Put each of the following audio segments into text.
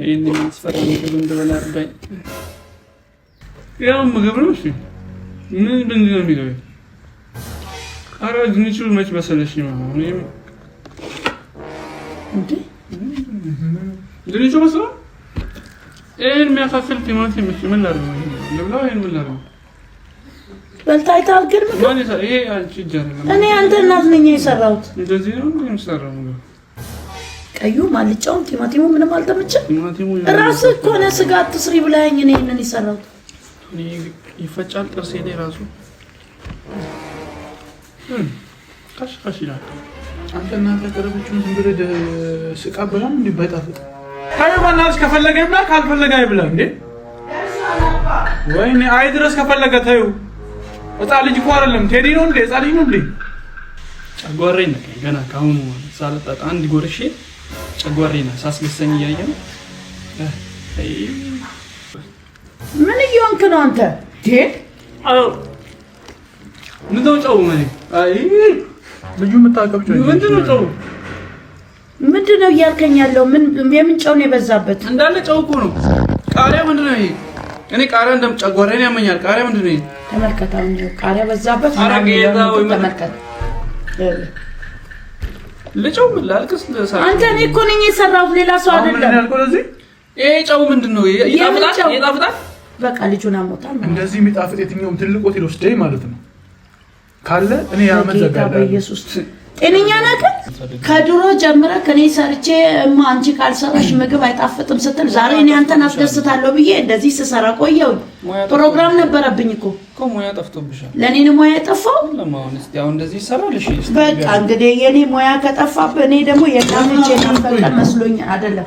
ይህን የሚያስፈራ ምግብ እንድበላ አርዳኝ። ያው ምግብ ነው እሺ። ምን ምንድን ነው የሚለው? ኧረ ድንቹ መች በሰለሽ ነው። እኔም እንዴ ድንቹ በሰለ። ይሄን የሚያሳስል ቲማቲም ምን ላድርግ ልብላ? ይሄን ምን ላድርግ በልታ አይተሃል? ግን ምግብ እኔ አንተ እናት ነኝ የሰራሁት እንደዚህ ነው የምሰራው ቀዩ ማልጫውም ቲማቲሙ ምንም አልተመቸም። ራስ እኮ ነህ ስጋ አትስሪ ብለኸኝ እኔ ይሄንን የሰራሁት ይፈጫል። ጥርሴ ላይ ራሱ ቀሽቀሽ ይላል። አንተ እናንተ ያቀረበችውን ዝም ብለህ ስቃ ብላም እንዲ ባይጣፍጥ ታዩ በእናትሽ ከፈለገ ይብላ ካልፈለገ አይብላ እንዴ ወይኔ አይ ድረስ ከፈለገ ታዩ ህፃን ልጅ እኮ አይደለም ቴዲ ነው እንዴ? ህፃን ልጅ ነው እንዴ? ጨጓራዬን ገና ካሁኑ ሳልጠጣ አንድ ጎርሼ ጨጓሬ ነው ሳስመሰኝ እያየ ነው። ምን እየሆንክ ነው አንተ? ምን ነው ጨው ልጁ የምታቀብጨው ምንድን ነው? ጨው ምንድን ነው እያልከኝ ያለው? የምን ጨው ነው የበዛበት? እንዳለ ጨው እኮ ነው። ቃሪያ ምንድን ነው ይሄ? እኔ ቃሪያ እንደም ጨጓራዬን ያመኛል። ቃሪያ ምንድን ነው ይሄ? ተመልከት፣ ቃሪያ በዛበት። ኧረ ጌታ ወይ ተመልከት ልጨው ምን ላልቅስ? አንተ እኔ እኮ ነኝ የሰራሁት፣ ሌላ ሰው አይደለም። ይሄ ጨው ምንድን ነው? ይጣፍጣል። በቃ ልጁን አሞታል። እንደዚህ የሚጣፍጥ የትኛውም ትልቅ ሆቴል ውስጥ ደይ ማለት ነው ካለ እኔ ያመዘጋለሁ። ጤነኛ ናት። ከድሮ ጀምረ ከኔ ሰርቼ እማ አንቺ ካልሰራሽ ምግብ አይጣፍጥም ስትል ዛሬ እኔ አንተን አስደስታለሁ ብዬ እንደዚህ ስሰራ ቆየው። ፕሮግራም ነበረብኝ እኮ ሙያ ጠፍቶብሻል። ለእኔን ሙያ የጠፋው በቃ እንግዲህ የኔ ሙያ ከጠፋብህ እኔ ደግሞ የቃምቼ ናፈቀ መስሎኝ አደለም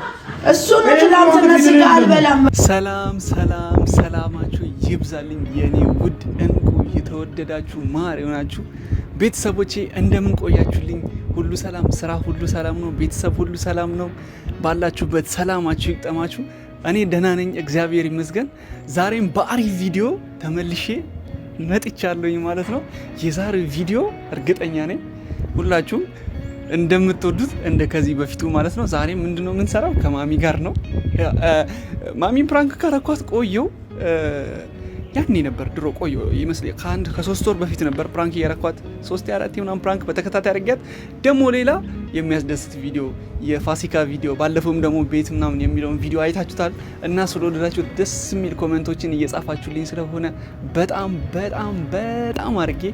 እሱ እሱን ትላንትና ስጋ አልበላም። ሰላም ሰላም፣ ሰላማችሁ ይብዛልኝ የኔ ውድ እንቁ የተወደዳችሁ ማር የሆናችሁ ቤተሰቦቼ እንደምን ቆያችሁልኝ? ሁሉ ሰላም፣ ስራ ሁሉ ሰላም ነው፣ ቤተሰብ ሁሉ ሰላም ነው። ባላችሁበት ሰላማችሁ ይቅጠማችሁ። እኔ ደህና ነኝ፣ እግዚአብሔር ይመስገን። ዛሬም በአሪፍ ቪዲዮ ተመልሼ መጥቻለሁኝ ማለት ነው። የዛሬ ቪዲዮ እርግጠኛ ነኝ ሁላችሁ እንደምትወዱት እንደ ከዚህ በፊቱ ማለት ነው። ዛሬ ምንድነው የምንሰራው? ከማሚ ጋር ነው። ማሚ ፕራንክ ካረኳት ቆየው ያኔ ነበር ድሮ ቆየ ይመስል ከአንድ ከሶስት ወር በፊት ነበር ፕራንክ እያረኳት ሶስት አራት ምናምን ፕራንክ በተከታታይ አድርጊያት ደግሞ ሌላ የሚያስደስት ቪዲዮ የፋሲካ ቪዲዮ ባለፈውም ደግሞ ቤት ምናምን የሚለውን ቪዲዮ አይታችሁታል እና ስለወደዳችሁት ደስ የሚል ኮመንቶችን እየጻፋችሁልኝ ስለሆነ በጣም በጣም በጣም አድርጌ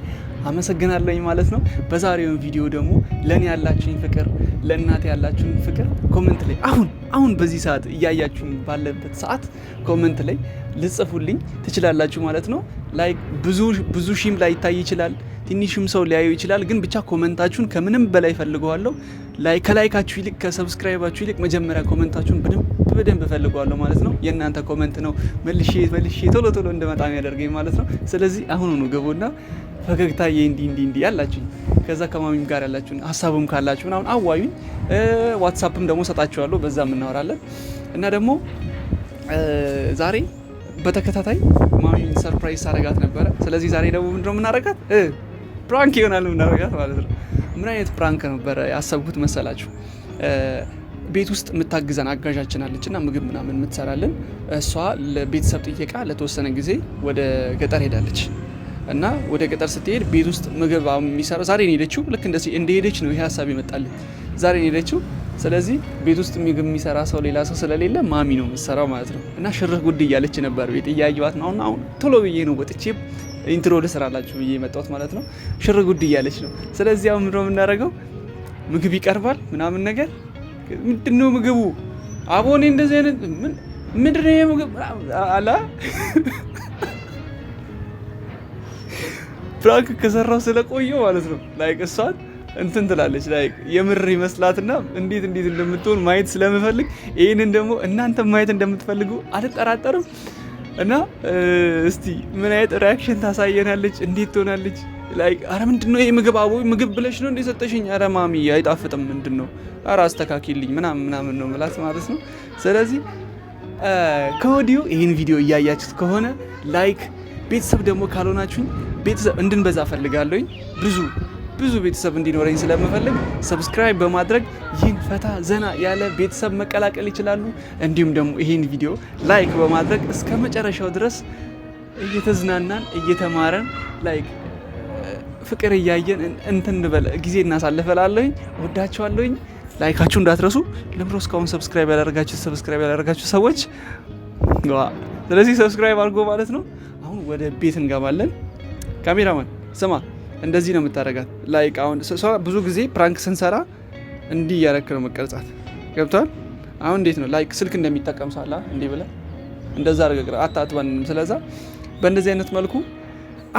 አመሰግናለኝ ማለት ነው። በዛሬውን ቪዲዮ ደግሞ ለእኔ ያላችሁኝ ፍቅር ለእናት ያላችሁን ፍቅር ኮመንት ላይ አሁን አሁን በዚህ ሰዓት እያያችሁን ባለበት ሰዓት ኮመንት ላይ ልጽፉልኝ ትችላላችሁ ማለት ነው። ላይክ ብዙ ብዙ ሺም ላይታይ ይችላል፣ ትንሽም ሰው ሊያዩ ይችላል። ግን ብቻ ኮመንታችሁን ከምንም በላይ ፈልገዋለሁ። ላይ ከላይካችሁ ይልቅ ከሰብስክራይባችሁ ይልቅ መጀመሪያ ኮመንታችሁን በደንብ በደንብ ፈልገዋለሁ ማለት ነው። የእናንተ ኮመንት ነው መልሼ መልሼ ቶሎ ቶሎ እንደመጣም ያደርገኝ ማለት ነው። ስለዚህ አሁኑኑ ግቡና ፈገግታዬ እንዲህ እንዲህ እንዲህ ያላችሁኝ ከዛ ከማሚም ጋር ያላችሁን ሀሳብም ካላችሁ ምናምን አዋዩኝ። ዋትሳፕም ደግሞ ሰጣችኋለሁ፣ በዛ የምናወራለን እና ደግሞ ዛሬ በተከታታይ ማሚን ሰርፕራይዝ አረጋት ነበረ። ስለዚህ ዛሬ ደግሞ ምንድነው የምናረጋት? ፕራንክ ይሆናል የምናረጋት ማለት ነው። ምን አይነት ፕራንክ ነበረ ያሰብኩት መሰላችሁ? ቤት ውስጥ የምታግዘን አጋዣችን አለች እና ምግብ ምናምን የምትሰራልን እሷ ለቤተሰብ ጥየቃ ለተወሰነ ጊዜ ወደ ገጠር ሄዳለች። እና ወደ ገጠር ስትሄድ ቤት ውስጥ ምግብ የሚሰራ ዛሬ ነው ሄደችው። ልክ እንደ እንደሄደች ነው ይሄ ሀሳብ ይመጣልን። ዛሬ ነው ሄደችው። ስለዚህ ቤት ውስጥ ምግብ የሚሰራ ሰው ሌላ ሰው ስለሌለ ማሚ ነው የምትሰራው ማለት ነው። እና ሽርህ ጉድ እያለች ነበር ቤት እያየዋት ነው። አሁን አሁን ቶሎ ብዬ ነው ወጥቼ ኢንትሮ ልስራላችሁ ብዬ የመጣሁት ማለት ነው። ሽርህ ጉድ እያለች ነው። ስለዚህ አሁን ምንድነው የምናደርገው? ምግብ ይቀርባል ምናምን ነገር ምንድነው ምግቡ አቦኔ እንደዚህ አይነት ምንድነው ምግብ አላ ፕራንክ ከሰራው ስለቆየ ማለት ነው ላይክ እሷን እንትን ትላለች ላይክ የምር ይመስላትና እንዴት እንዴት እንደምትሆን ማየት ስለምፈልግ ይህንን ደግሞ እናንተ ማየት እንደምትፈልጉ አልጠራጠርም። እና እስቲ ምን አይነት ሪያክሽን ታሳየናለች? እንዴት ትሆናለች? ላይክ አረ ምንድን ነው ይህ ምግብ አቦ ምግብ ብለሽ ነው እንደ ሰጠሽኝ? አረ ማሚ አይጣፍጥም፣ ምንድን ነው አረ አስተካኪልኝ ምናምን ምናምን ነው ምላት ማለት ነው። ስለዚህ ከወዲሁ ይህን ቪዲዮ እያያችሁት ከሆነ ላይክ ቤተሰብ ደግሞ ካልሆናችሁኝ ቤተሰብ እንድንበዛ ፈልጋለሁኝ ብዙ ብዙ ቤተሰብ እንዲኖረኝ ስለምፈልግ ሰብስክራይብ በማድረግ ይህን ፈታ ዘና ያለ ቤተሰብ መቀላቀል ይችላሉ። እንዲሁም ደግሞ ይህን ቪዲዮ ላይክ በማድረግ እስከ መጨረሻው ድረስ እየተዝናናን እየተማረን ላይክ ፍቅር እያየን እንትንበለ ጊዜ እናሳልፈላለኝ። ወዳችኋለሁኝ። ላይካችሁ እንዳትረሱ። ለምሮ እስካሁን ሰብስክራይብ ያላደረጋችሁ ሰብስክራይብ ያላደረጋችሁ ሰዎች ስለዚህ ሰብስክራይብ አድርጎ ማለት ነው። አሁን ወደ ቤት እንገባለን። ካሜራማን ስማ፣ እንደዚህ ነው የምታደርጋት። ላይክ አሁን ብዙ ጊዜ ፕራንክ ስንሰራ እንዲህ እያረክ ነው መቀርጻት። ገብቷል? አሁን እንዴት ነው ላይክ ስልክ እንደሚጠቀም ሳላ እንዲህ ብለ እንደዛ አድርገህ አታጥባንም። ስለዛ በእንደዚህ አይነት መልኩ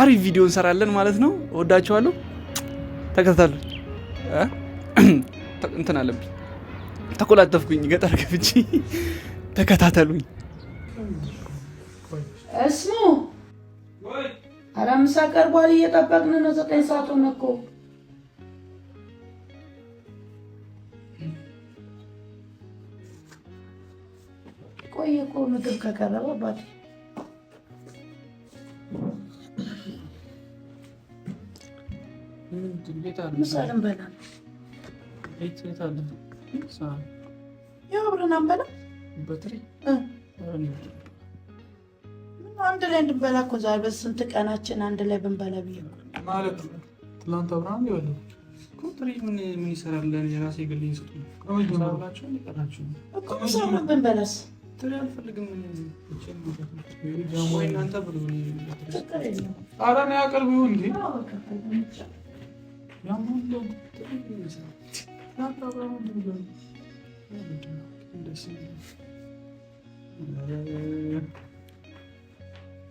አሪፍ ቪዲዮ እንሰራለን ማለት ነው። እወዳችኋለሁ። ተከታተሉ። እንትን አለብኝ ተኮላተፍኩኝ፣ ገጠር ገብቼ ተከታተሉኝ። ኧረ ምሳ ቀርቧል እየጠበቅን ነው። ዘጠኝ ሰዓቱን እኮ ቆይ እኮ ምግብ ከቀረበ አባቴ ምሳ ልንበላ ነው። ያው አብረን አንበላ አንድ ላይ እንድንበላ እኮ ዛሬ በስንት ቀናችን አንድ ላይ ብንበላ ብዬ ማለት ነው። ትላንት አብርሃም ይበለ ቁጥሪ ምን ምን ይሰራል? የራሴ ግል ይስጡ ነው ብንበላስ ጥሪ አልፈልግም። ወይ እናንተ ብሎ ኧረ ነው ያቀርቡ እንዴ ያማለው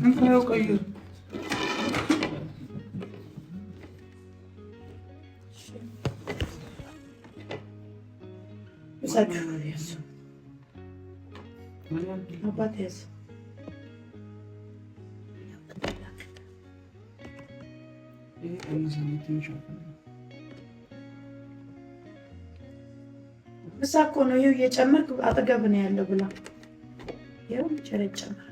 እንታየው ቀይር ምሳ እኮ ነው። ይኸው እየጨመርክ አጠገብ ነው ያለው ብላ ይኸው ጨረጨመር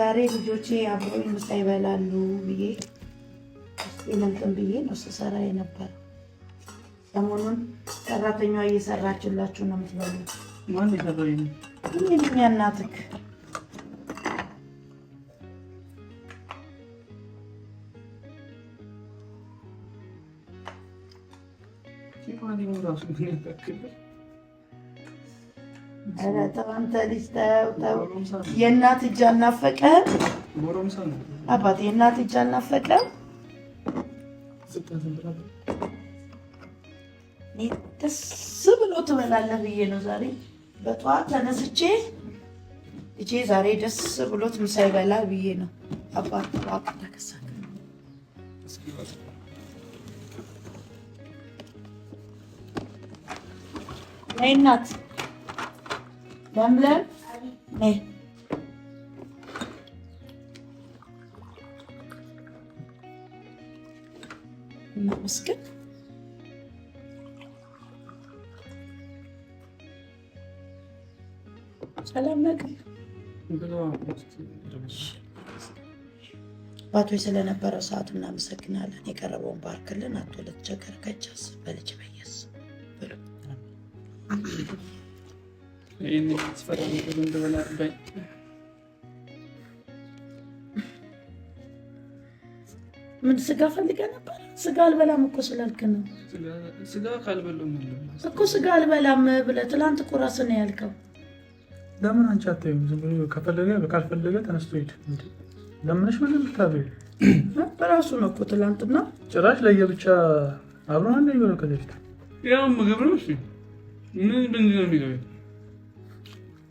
ዛሬ ልጆቼ አብሮኝ ምሳ ይበላሉ ብዬ ለምጥም ብዬ ነው ስሰራ የነበረ ሰሞኑን ሰራተኛዋ እየሰራችላችሁ ነው የምትበሉት። ማን እናትክ ራሱ ኧረ ተው አንተ ልጅ ተው ተው። የእናት እጅ አልናፈቀህም? አባቴ የእናት እጅ አልናፈቀህም? ደስ ብሎ ትበላለህ ብዬ ነው ዛሬ በጠዋት ተነስቼ እጄ ዛሬ ደስ ብሎት ምሳ ይበላል ብዬ ነው። አባት ጠዋት ተከሳ እናት Demle. Ne? ሰላም ነቅል ባቶ ስለነበረው ሰዓቱ እናመሰግናለን። የቀረበውን ባርክልን። አቶ ልትቸገር ከቻስ በልጅ በየስ ይህን የተስፈራ ነገር እንደሆነ አርዳኝ። ምን ስጋ ፈልገ ነበር? ስጋ አልበላም እኮ ስላልክ ነው። ስጋ ካልበላም እኮ ስጋ አልበላም ብለህ ትላንት እኮ እራስህ ነው ያልከው። ለምን አንቺ አታዩም? ዝም ብሎ ከፈለገ ካልፈለገ ተነስቶ ሂድ። ለምንሽ ምን ልታበይ? በራሱ ነው እኮ ትላንትና ጭራሽ ለየብቻ አብረን አንድ የሆነ ከዚህ በፊት ያው ምግብ ነው ምን ምንድን ነው የሚለው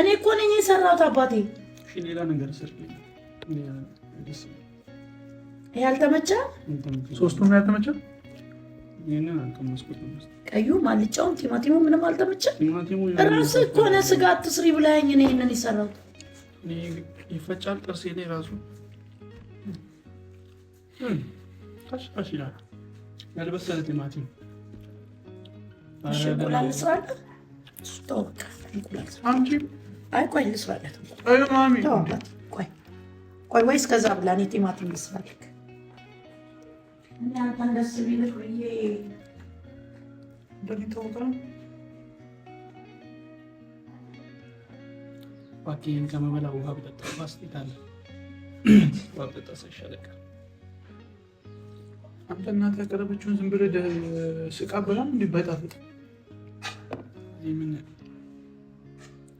እኔ እኮ ነኝ የሰራሁት አባቴ። ሌላ ነገር ያልተመቸ ሶስቱም ያልተመቸ ቀዩ አልጫውም ቲማቲሙ ምንም አልተመቸ። ራስህ እኮ ነህ ስጋ አትስሪ ብለኸኝ እኔ ይሄንን የሰራሁት ይፈጫል ጥርሴ ላይ ራሱ ሽሽ ይላል ያልበሰለ ቲማቲም ሽቁላ ልስራለህ ስጠው በቃ እንቁላል ስራ። አይ ቆይ ወይስ ከዛ ብላ እኔ ቲማቲም ልስራልክ። ባኪን ከመበላ ውሃ ብጠጣ ባስጤታለ ውሃ ብጠጣ ሳይሻለቅ አንተና ተቀረበችውን ዝም ብለህ ስቃ በላም እንዲበጣ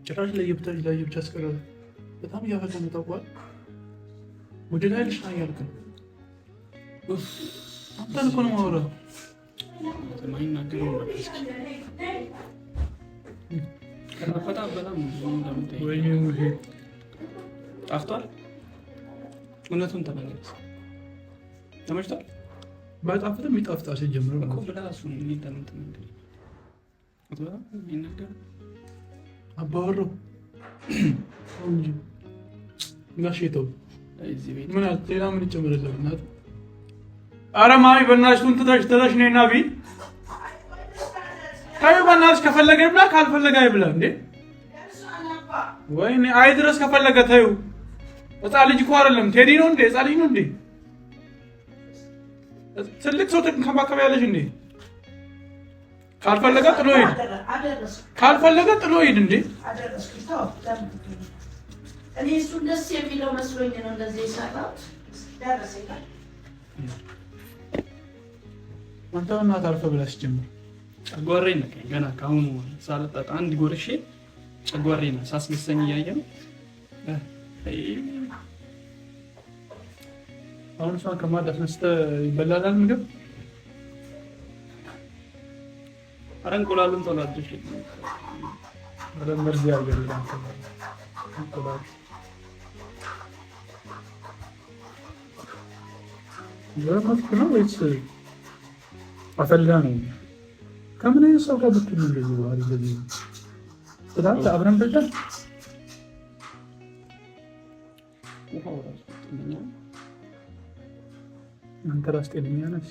ጭራሽ ለየብቻ ለየብቻ አስቀረበ። በጣም እያፈቀነ ታውቋል። ወደ ላይ ልሽ ነው ያልከ አንተን እኮ ነው ማውራ ጣፍቷል። እውነቱን ተመለስ። ተመችቷል። ባይጣፍጥም ይጣፍጣል። ሲጀምር እኮ ብላ እሱን አባወራው ጋሼ ተው፣ ምን ሌላ ምን ይጨምርልህ? እናትህ ኧረ ማሚ በእናትሽ ቱን ትተሽ ትተሽ ነይና ብይ ታዩ በእናትሽ። ከፈለገ ይብላ ካልፈለገ አይብላ። እንዴ ወይኔ አይ ድረስ ከፈለገ ታዩ። ህፃን ልጅ እኮ አይደለም ቴዲ ነው እንዴ? ህፃን ልጅ ነው እንዴ? ትልቅ ሰው ትንከባከቢያለሽ እንዴ? ካልፈለገ ጥሎ ሂድ፣ ካልፈለገ ጥሎ ሂድ። እንዴ እኔ እሱን ደስ የሚለው መስሎኝ ነው እንደዚህ የሰራሁት። አንተ በእናትህ አርፈህ ብላ ጀምር። ጨጓራዬ ነቀኝ። ገና ከአሁኑ ሳልጠጣ አንድ ጎርሼ ጨጓራዬ ነው ሳስመሰኝ እያየ ነው። አሁን እሷን ከማዳት ነስተህ ይበላላል ምግብ አረ እንቁላልን ተወላጆች አረ መርዝ ያርገል እንቁላል ዘመትክ ነው ወይስ አፈላ ነው? ከምን አይነት ሰው ጋር ብትሉ እንደዚህ ባህል እንደዚህ ስላት አብረን በልተን አንተ ራስ ጤነኛ ነህ?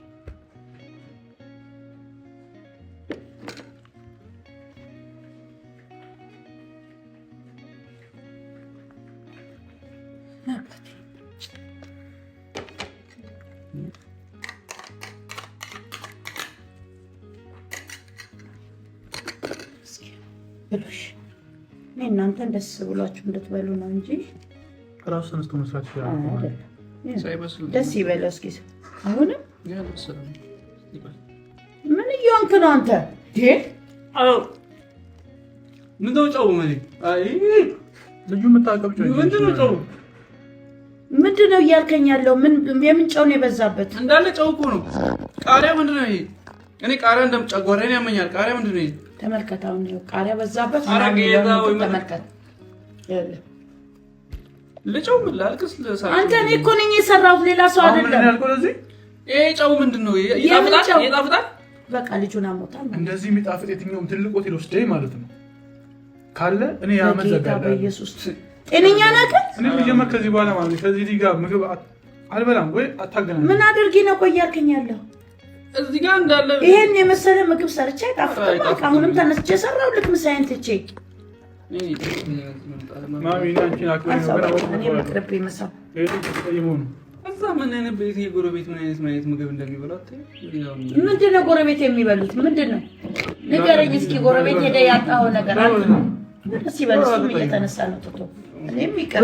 ደስ ብሏችሁ እንድትበሉ ነው እንጂ ራሱ ተነስቶ መስራት ደስ ይበለው። እስኪ አሁንም ምን እየሆንክ ነው አንተ? ምን ጨው ልጁ የምታቀብ ምንድን ነው እያልከኝ ያለው? የምን ጨው ነው የበዛበት? እንዳለ ጨው እኮ ነው። ቃሪያ ምንድን ነው ይሄ? እኔ ቃሪያ እንደምጨጓራዬን ያመኛል። ቃሪያ ምንድን ነው ይሄ? ተመልከት፣ አሁን ቃሪያ በዛበት። ተመልከት ልጨው ምን ላልቅስ? አንተ እኔ እኮ ነኝ የሰራሁት ሌላ ሰው አይደለም። ይሄ ጨው ምንድን ነው? ይጣፍጣል። በቃ ልጁን አሞታል። እንደዚህ የሚጣፍጥ የትኛውም ትልቅ ሆቴል ውስጥ ማለት ነው ካለ እኔ ያመዘጋለሁ። ከዚህ በኋላ ማለት ከዚህ ልጅ ጋር ምግብ አልበላም ወይ አታገናኝ። ምን አድርጌ ነው ቆይ ያለው እዚህ ጋር እንዳለ ይሄን የመሰለ ምግብ ሰርቼ ጣፍጥ። አሁንም ተነስቼ ሰራው ልክ ምሳዬን ትቼ እዛ ምን አይነት ቤት የጎረቤት ምን አይነት ምን አይነት ምግብ እንደሚበላ ምንድን ነው ጎረቤት የሚበሉት ምንድን ነው ንገረኝ እስኪ ጎረቤት ሄደህ ያጣኸው ነገር አለ ሲበል እየተነሳ ነው ትቶ እኔም ይቀር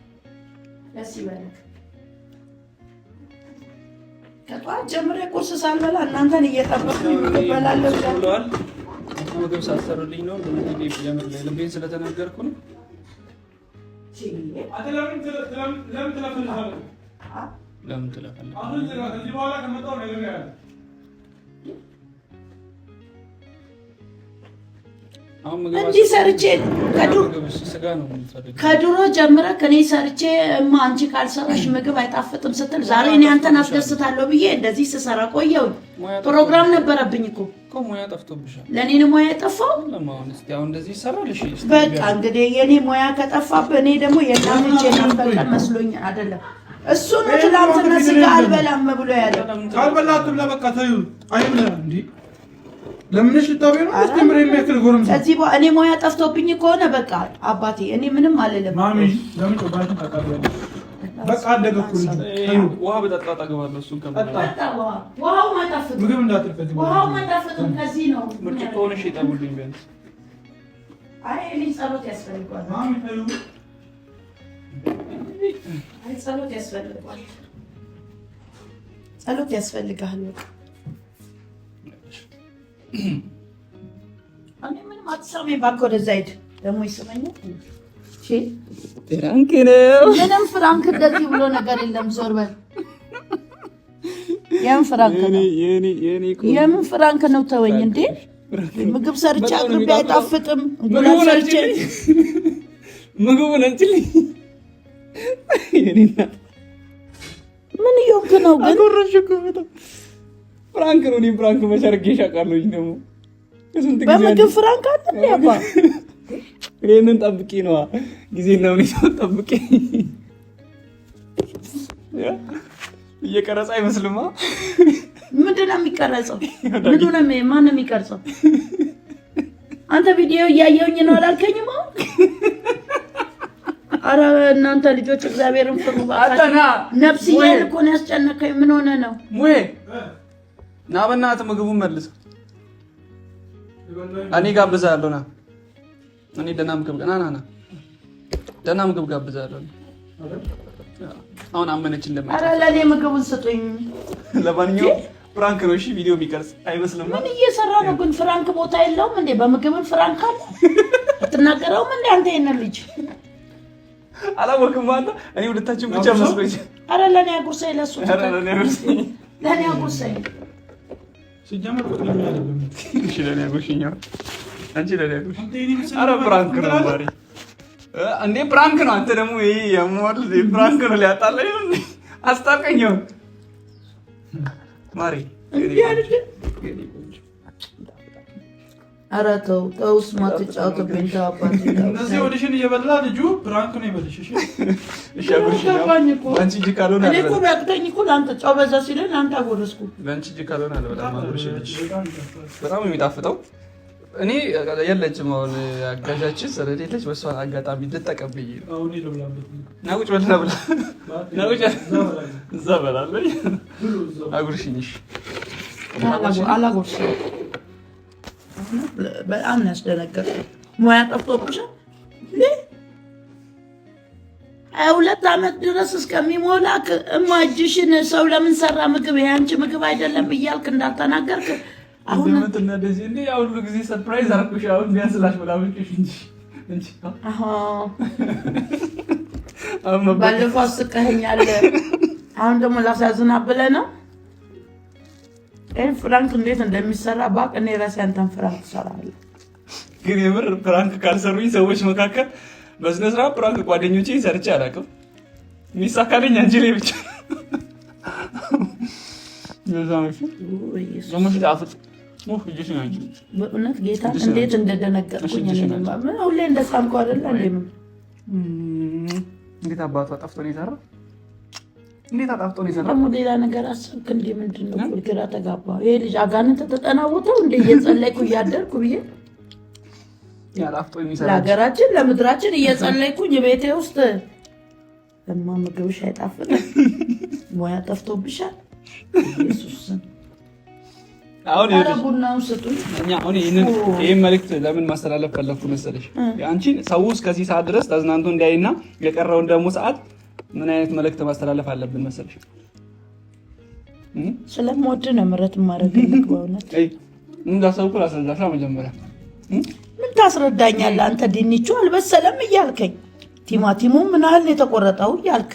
ደስ ይበላል። ከጧት ጀምሬ ቁርስ ሳልበላ እናንተን እየጠበቅኩ ይበላለሁ ብለዋል። ምግብ ሳሰሩልኝ ነው ልቤን ስለተናገርኩ ነው። ለምን ትለፈልሃለህ? ለምን ትለፈልሃለህ? እንዲህ ሰርቼ ከድሮ ጀምረ ከኔ ሰርቼ እማ አንቺ ካልሰራሽ ምግብ አይጣፍጥም ስትል ዛሬ እኔ አንተን አስደስታለሁ ብዬ እንደዚህ ስሰራ ቆየው። ፕሮግራም ነበረብኝ እኮ ለእኔን ሙያ የጠፋው በቃ እንግዲህ የእኔ ሙያ ከጠፋብህ እኔ ደግሞ የናምች የናፈቀ መስሎኝ አይደለም። እሱ ነው ትናንትና ስጋ አልበላም ብሎ ያለው ካልበላቱም ለበቃ ተዩ አይብለ እንዲህ ለምንሽ ልታበይ ነው? እስቲ የሚያክል ጎረምሳ ከዚህ በኋላ እኔ ሙያ ጠፍቶብኝ ከሆነ በቃ አባቴ፣ እኔ ምንም አልልም። ማሚ ለምን ጮባሽ ታቃበለ? በቃ አደገ እኮ ልጅ። ውሃ በጠጣ ጠግባለሁ። እሱን ከምጠጣ ውሃው ማጣፍጥ ምግብ እንዳትልበት ውሃው ማጣፍጥ ከዚህ ነው። ብርጭቆ ሆነሽ ይጠቡልኝ ቢያንስ። አይ ልጅ ጸሎት ያስፈልጓል። ማሚ ታዩ አይ ጸሎት ያስፈልጓል። ጸሎት ያስፈልጋል። በቃ እኔ ምንም አትሰማኝ፣ እባክህ ወደዛ ሂድ። ደግሞ ይሰማኛል። ፍራንክ ነው። ምንም ፍራንክ እንደዚህ ብሎ ነገር የለም። ዞር በል። የምን ፍራንክ ነው? የምን ፍራንክ ነው? ተወኝ እንዴ! ምግብ ሰርቼ አቅርቤ አይጣፍጥም። እንቁላል ሰርቼ ምግቡን እንችልኝ ምን እየሆንክ ነው ግን? ፍራንክ ነው። እኔም ፍራንክ መቼ አድርጌሽ አውቃለሁ? ደግሞ በምግብ ፍራንክ አለ ያባ ይህንን ጠብቂ ነዋ ጊዜና ሁኔታውን ጠብቂ። እየቀረጸ አይመስልማ። ምንድን ነው የሚቀረጸው? ምንድን ነው ማን ነው የሚቀርጸው? አንተ ቪዲዮ እያየውኝ ነው አላልከኝም? አረ እናንተ ልጆች እግዚአብሔርን ፍሩ። ነፍስዬን እኮ ነው ያስጨነቀኝ። ምን ሆነ ነው ና በእናትህ ምግቡን መልስ። እኔ ጋብዛለሁ። ና እኔ ደህና ምግብ ና ና ና ደህና ምግብ ጋብዛለሁ። አሁን አመነች እንደማይቀር። ኧረ ለእኔ ምግቡን ስጡኝ። ለማንኛውም ፍራንክ ነው እሺ። ቪዲዮ የሚቀርጽ አይመስልም። ምን እየሰራ ነው ግን? ፍራንክ ቦታ የለውም እንዴ? በምግብን ፍራንክ አለ አትናገረውም እንዴ አንተ? ይሄንን ልጅ አላወቅም ማለት እኔ ሁለታችን ብቻ መስሎኝ። ኧረ ለእኔ አጉርሰኝ፣ ለእሱ ለእኔ አጉርሰኝ ሲጀመር ቁጥኛ አይደለም። ፕራንክ ነው ማሪ አንተ ደግሞ ይሄ የሞል ፕራንክ ነው ሊያጣለኝ ነው። አስታርቀኛው ማሪ ኧረ ተው ተው፣ ስማ ትጫወትብኝ። ታባት እነዚህ ኦዲሽን እየበላ ልጁ ብራንክ ነው ይበልሽ። እሺ እሺ፣ እኔ እኮ ቢያቅተኝ እኮ ለአንተ ጫው በዛ ሲለኝ አንተ አጎረስኩ። ለአንቺ እጅ ካልሆነ አልበላም። በጣም የሚጣፍጠው እኔ የለችም። አሁን አጋዣችን ስለሌለች በእሷን አጋጣሚ ልጠቀብኝ ነው። ቁጭ በል ብላ እዛ በላለኝ። አጉርሽኝ። እሺ ነው። በጣም ነው ያስደነገጥኩት። ሙያ ጠፍቶብሻል? ሀያ ሁለት ዓመት ድረስ እስከሚሞላክ እማጅሽን ሰው ለምን ሰራ ምግብ የአንቺ ምግብ አይደለም እያልክ እንዳልተናገርክ አሁን ባለፈው አስቀኸኛል። አሁን ደግሞ ላሳዝና ብለህ ነው ይህ ፍራንክ እንዴት እንደሚሰራ ባቅ እኔ ራሴ አንተን ፍራንክ ትሰራለህ። ግን የምር ፍራንክ ካልሰሩኝ ሰዎች መካከል በስነስራ ፍራንክ ጓደኞቼ ሰርቼ አላውቅም። የሚሳካልኝ አንቺ ላይ ብቻ በእውነት ጌታ እንዴት እንደደነገጥኩኝ ሁሌ እንደሳምኩ አይደለ እንዴ? እንዴት አባቷ ጠፍቶ ነው የሰራው እንዴት አጣፍጦ ነው የሰራው? ደግሞ ሌላ ነገር አሰብክ እንዴ? ምንድን ነው? ግራ ተጋባ። ይሄ ልጅ አጋንንት ተጠናወተው እንደ እየጸለይኩ እያደርኩ ብዬ ለሀገራችን ለምድራችን እየጸለይኩኝ ቤቴ ውስጥ ለማ ምግብሽ አይጣፍጥም፣ ሙያ ጠፍቶብሻል። ኢየሱስን አሁን ቡናውን ይህን መልዕክት ለምን ማስተላለፍ ፈለግኩ መሰለሽ? አንቺን ሰው እስከዚህ ሰዓት ድረስ ተዝናንቶ እንዲያይና የቀረውን ደግሞ ሰዓት ምን አይነት መልእክት ማስተላለፍ አለብን መሰለሽ? ስለምወድ ነው ምረት ማድረግልክ። በእውነት እንዳሰብኩ ላስረዳሽ። መጀመሪያ ምን ታስረዳኛለህ አንተ? ድንቹ አልበሰለም እያልከኝ፣ ቲማቲሙ ምን ያህል የተቆረጠው እያልክ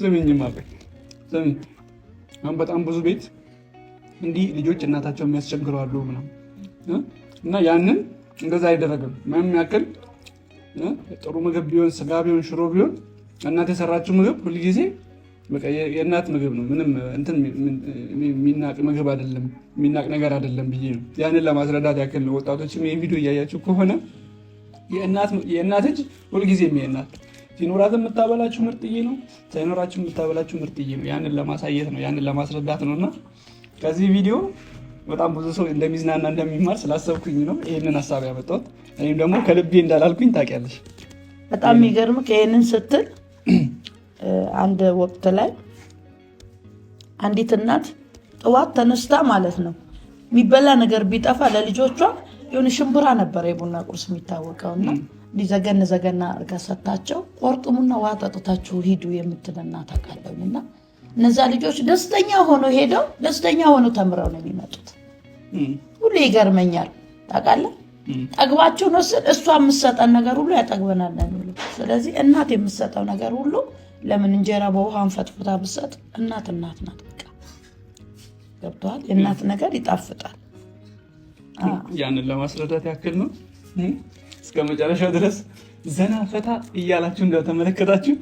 ስሚኝማ፣ አሁን በጣም ብዙ ቤት እንዲህ ልጆች እናታቸው የሚያስቸግረዋሉ ምናምን እና ያንን እንደዛ አይደረግም ምንም ያክል ጥሩ ምግብ ቢሆን ስጋ ቢሆን ሽሮ ቢሆን እናት የሰራችው ምግብ ሁልጊዜ የእናት ምግብ ነው። ምንም እንትን የሚናቅ ምግብ አይደለም፣ የሚናቅ ነገር አይደለም ብዬ ነው ያንን ለማስረዳት ያክል ነው። ወጣቶችም ይህ ቪዲዮ እያያችሁ ከሆነ የእናት እጅ ሁልጊዜ የሚናት ሲኖራት የምታበላችሁ ምርጥዬ ነው፣ ሳይኖራችሁ የምታበላችሁ ምርጥዬ ነው። ያንን ለማሳየት ነው፣ ያንን ለማስረዳት ነው እና ከዚህ ቪዲዮ በጣም ብዙ ሰው እንደሚዝናና እንደሚማር ስላሰብኩኝ ነው ይህንን ሀሳብ ያመጣሁት። እኔም ደግሞ ከልቤ እንዳላልኩኝ ታውቂያለሽ። በጣም የሚገርምህ ይህንን ስትል አንድ ወቅት ላይ አንዲት እናት ጠዋት ተነስታ ማለት ነው የሚበላ ነገር ቢጠፋ ለልጆቿ የሆነ ሽምብራ ነበረ የቡና ቁርስ የሚታወቀው እና እንዲህ ዘገን ዘገና አድርጋ ሰታቸው ቆርጥሙና ውሃ ጠጥታችሁ ሂዱ የምትል እናት እና እነዛ ልጆች ደስተኛ ሆኖ ሄደው ደስተኛ ሆኖ ተምረው ነው የሚመጡት። ሁሉ ይገርመኛል። ታውቃለህ ጠግባቸውን ነው ስል እሷ የምትሰጠን ነገር ሁሉ ያጠግበናል። ስለዚህ እናት የምትሰጠው ነገር ሁሉ ለምን እንጀራ በውሃ ፈትፎታ ብትሰጥ እናት እናት ናት። በቃ ገብቶሃል? የእናት ነገር ይጣፍጣል። ያንን ለማስረዳት ያክል ነው። እስከ መጨረሻው ድረስ ዘና ፈታ እያላችሁ እንደተመለከታችሁ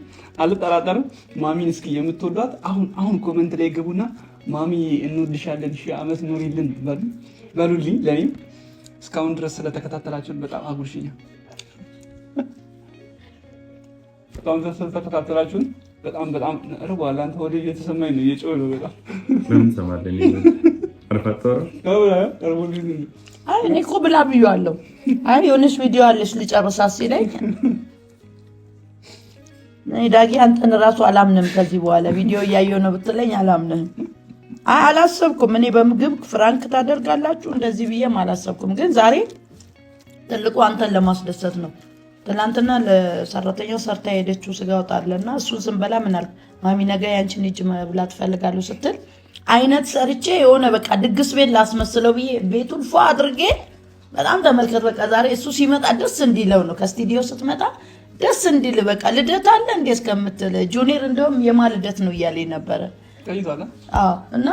አልጠራጠርም። ማሚን እስኪ የምትወዷት አሁን አሁን ኮመንት ላይ ግቡና ማሚ እንወድሻለን፣ ሺህ ዓመት ኑሪልን በሉልኝ። ለእኔም እስካሁን ድረስ ስለተከታተላችሁን በጣም አጉልሽኛ እስካሁን ድረስ ስለተከታተላችሁን በጣም በጣም እርቧል። አንተ ወደ እየተሰማኝ ነው፣ እየጮህ ነው። በጣም ለምን ሰማለኝ? አይ እኔ እኮ ብላ ብዬዋለሁ። አይ የሆነች ቪዲዮ አለች ልጨርሳት ሲለኝ ዳጊ አንተን እራሱ አላምንም ከዚህ በኋላ ቪዲዮ እያየሁ ነው ብትለኝ አላምንም። አላሰብኩም። እኔ በምግብ ፍራንክ ታደርጋላችሁ እንደዚህ ብዬም አላሰብኩም። ግን ዛሬ ትልቁ አንተን ለማስደሰት ነው። ትናንትና ለሰራተኛው ሰርታ ሄደችው ስጋ ወጣለና እሱን ስንበላ ምናል ማሚ ነገ ያንቺን እጅ መብላት ፈልጋለሁ ስትል አይነት ሰርቼ የሆነ በቃ ድግስ ቤት ላስመስለው ብዬ ቤቱን ፏ አድርጌ በጣም ተመልከት። በቃ ዛሬ እሱ ሲመጣ ደስ እንዲለው ነው። ከስቱዲዮ ስትመጣ ደስ እንዲል በቃ ልደት አለ እንዴ እስከምትል ጁኒር እንደውም የማ ልደት ነው እያለ ነበረ እና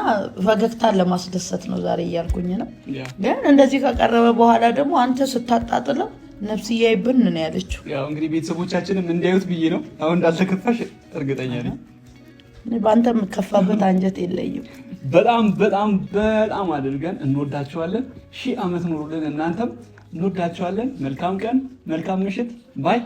ፈገግታን ለማስደሰት ነው ዛሬ እያልኩኝ ነው። ግን እንደዚህ ከቀረበ በኋላ ደግሞ አንተ ስታጣጥለው ነፍስዬ ይብን ነው ያለችው። እንግዲህ ቤተሰቦቻችንም እንዲያዩት ብዬ ነው። አሁን እንዳልተከፋሽ እርግጠኛ ነኝ። በአንተ የምከፋበት አንጀት የለኝም። በጣም በጣም በጣም አድርገን እንወዳቸዋለን ሺህ ዓመት ኑሩልን። እናንተም እንወዳቸዋለን። መልካም ቀን፣ መልካም ምሽት ባይ